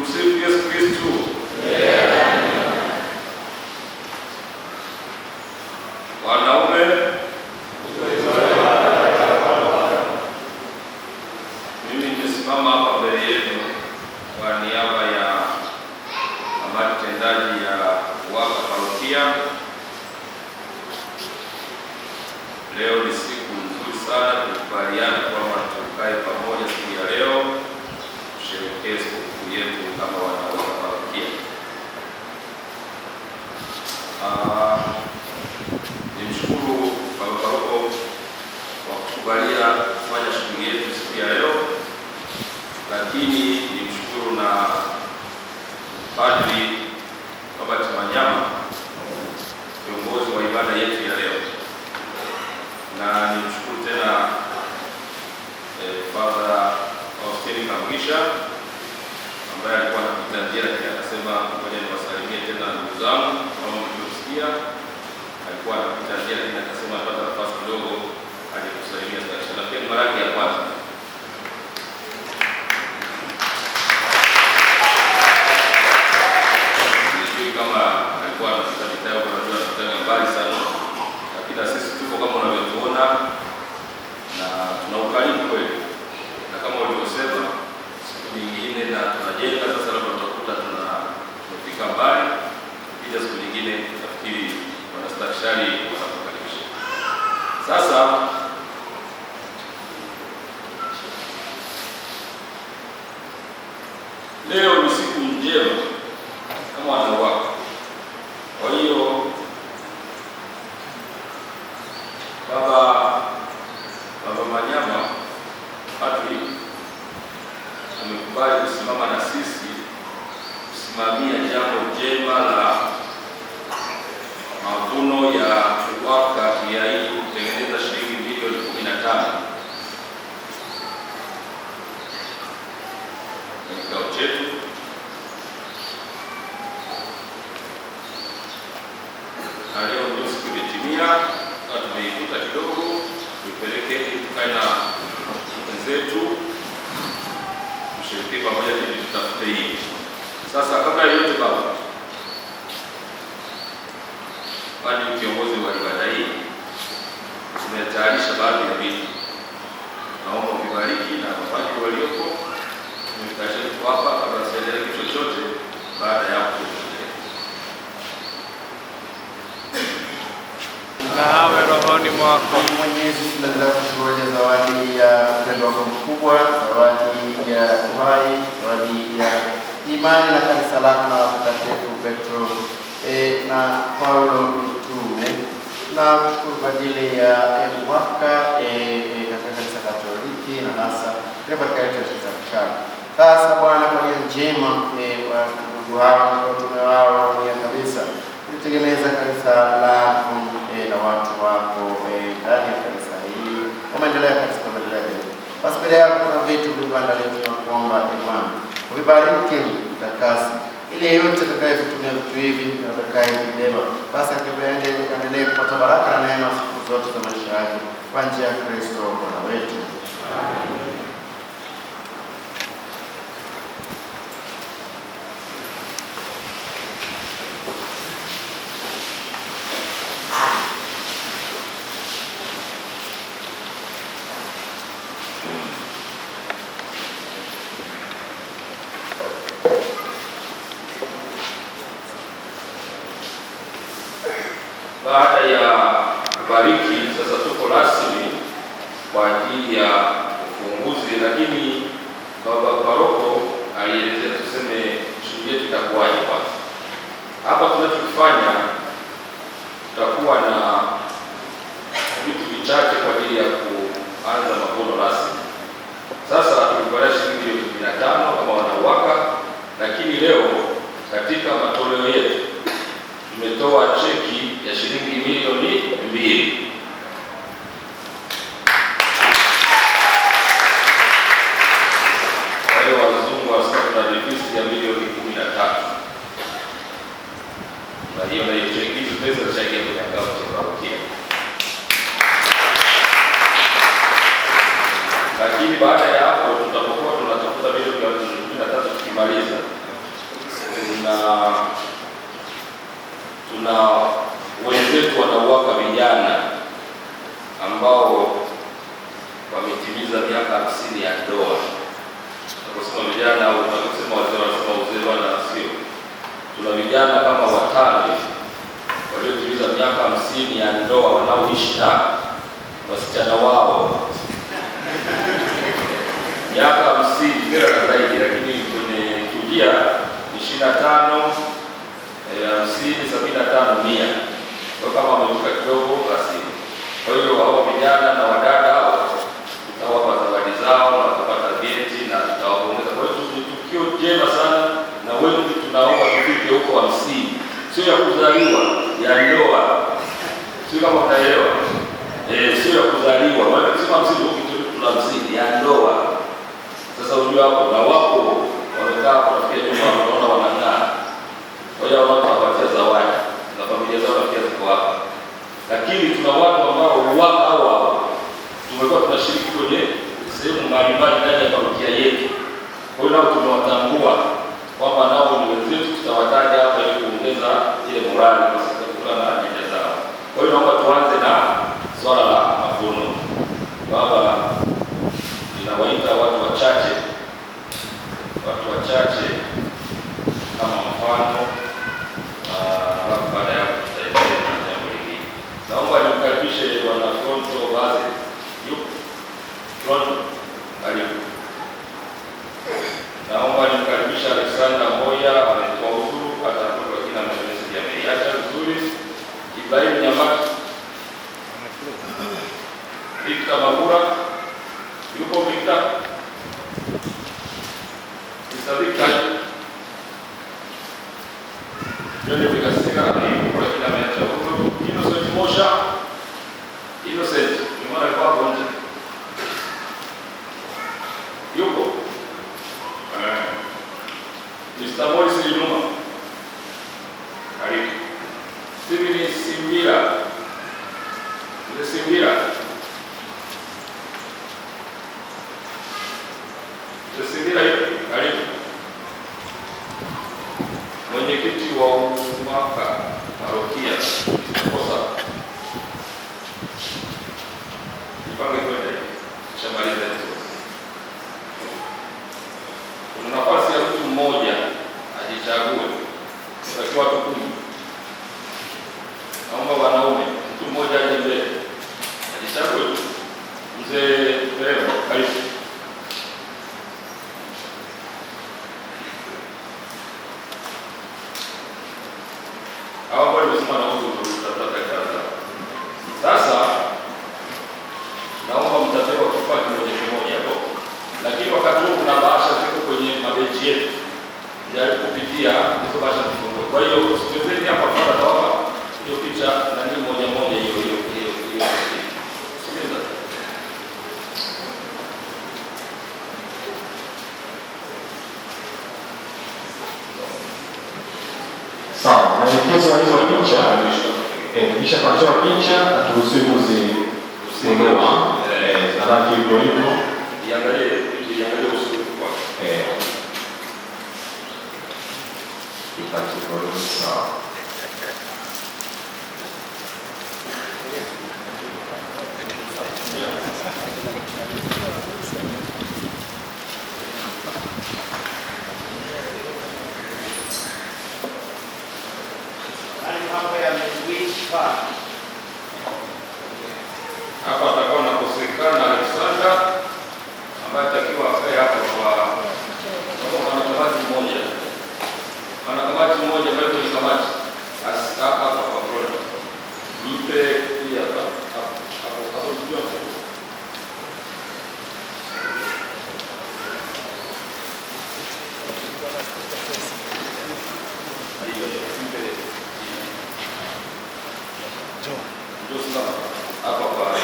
Tumsifu Yesu Kristo. Wanaume mimi nimesimama hapa mbele yenu kwa niaba ya kamati tendaji ya UWAKA Parokia. Leo ni siku nzuri sana, tukubaliana kwamba tukae pamoja siku ya leo maelekezo ndugu yetu kama wanaweza parokia. Ah, nimshukuru baba paroko kwa kukubalia kufanya shughuli yetu siku ya leo, lakini ni mshukuru na padri Robert Manyama, kiongozi wa ibada yetu ya leo, na mshukuru tena eh, Padre Austin Kamugisha ambaye alikuwa anapita njia akasema, ngoja niwasalimie tena ndugu zangu, kama mlivyosikia alikuwa ya mwaka kujaribu kutengeneza shilingi bilioni kumi na tano na kikao chetu na leo ndio siku imetimia, na tumeikuta kidogo tuipeleke tukae na wenzetu tushiriki pamoja ili tutafute hii sasa. Kabla yote baba kwani kiongozi wa ibada hii tumetayarisha baadhi ya vitu. Naomba ukibariki na wafanye walioko mtakatifu hapa, kabla siendelee chochote baada ya hapo nawe rohoni mwako. Mwenyezi tunataka zawadi ya upendo wako mkubwa, zawadi ya uhai, zawadi ya imani na kanisa lako na Watakatifu Petro eh, na Paulo tunamshukuru kwa ajili ya eh, mwaka eh, eh, katika kanisa Katoliki na hasa leo katika yetu ya Kishaga. Sasa Bwana, kwa nia njema kwa ndugu hao na watume wao waia kabisa kutegemeza kanisa lako na watu wako ndani ya kanisa hili kwa maendeleo ya kanisa, kwa maendeleo ya jamii. Basi mbele yako kuna vitu vilivyoandaliwa, tunakuomba Bwana uvibariki, utakase ile yote atakayevitumia vitu hivi atakaye vilema, basi akaendelee kupata baraka na neema siku zote za maisha yake kwa njia ya Kristo Bwana wetu. amen. lakini baba paroko alielezea, tuseme shughuli yetu itakuwaje. Kwanza hapa tunachokifanya, tutakuwa na vitu vichache kwa ajili ya kuanza mavuno rasmi. Sasa tulikolea shilingi milioni kumi na tano kama wanauwaka, lakini leo katika matoleo yetu tumetoa cheki ya shilingi milioni mbili hamsini ya ndoa. Tunaposema vijana au tunaposema wazee wanasema uzee wana sio, tuna vijana kama watano waliotimiza miaka hamsini ya ndoa wanaoishi na wasichana wao miaka hamsini na zaidi, lakini kwenye kulia ishirini na tano eh, hamsini sabini na tano mia kama wamevuka kidogo basi. Kwa hiyo hao vijana na wadada mfuko wa msingi, sio ya kuzaliwa ya ndoa, sio kama utaelewa eh, sio ya kuzaliwa, maana sio msingi wa kitu la msingi ya ndoa. Sasa unajua hapo na wako wamekaa kwa kile nyumba wanaona wanang'aa, wao wa watu zawadi na familia zao na pia ziko hapa, lakini tuna watu ambao wako hao tumekuwa tunashiriki kwenye sehemu mbalimbali ndani ya familia yetu, kwa hiyo nao tumewatambua scusi, signora, eh, sarà anche il volume? Gli avrei, gli avrei solo qua. Eh. Ti faccio pronunciare. Which part? 좋아. 좋습니다. 아빠가 좋아.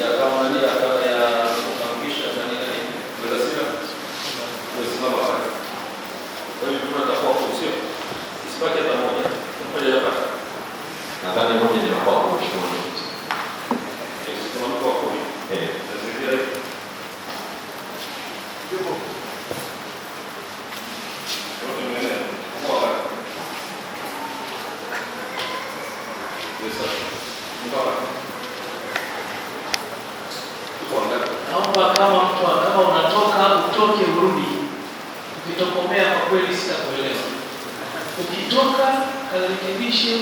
야가 오늘이 야가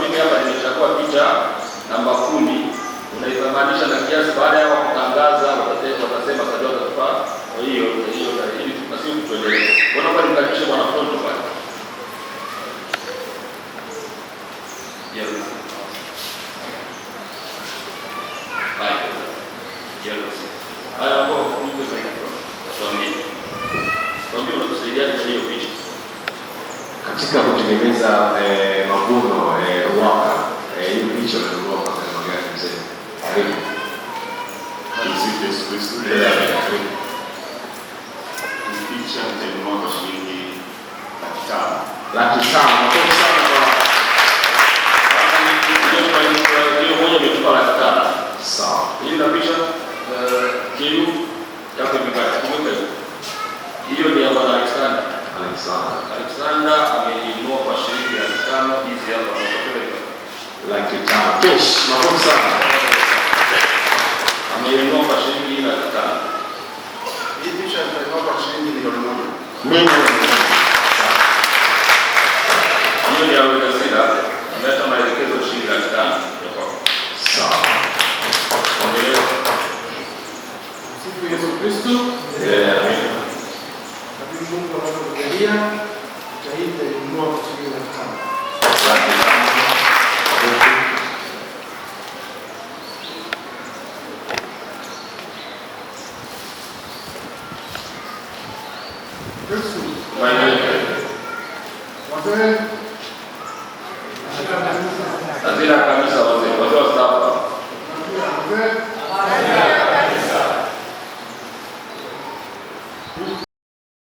mimi hapa nimechagua picha namba kumi, unaifananisha na kiasi. Baada ya kutangaza watasema sajua hiyo hiyo ili tunasibu tuelewe. mwanafunzi pale. Haya, ambao mtu zaidi kwa sababu hiyo circa ecco, convenienza eh, Mapuno e Ruota e io mi dicevo che Ruota per magari se arrivo anzi questo questo è l'ufficio del modo quindi la città la città ma come Tunashukuru sana, ameongopa shilingi laki tano. Hii picha tunaomba shilingi milioni moja.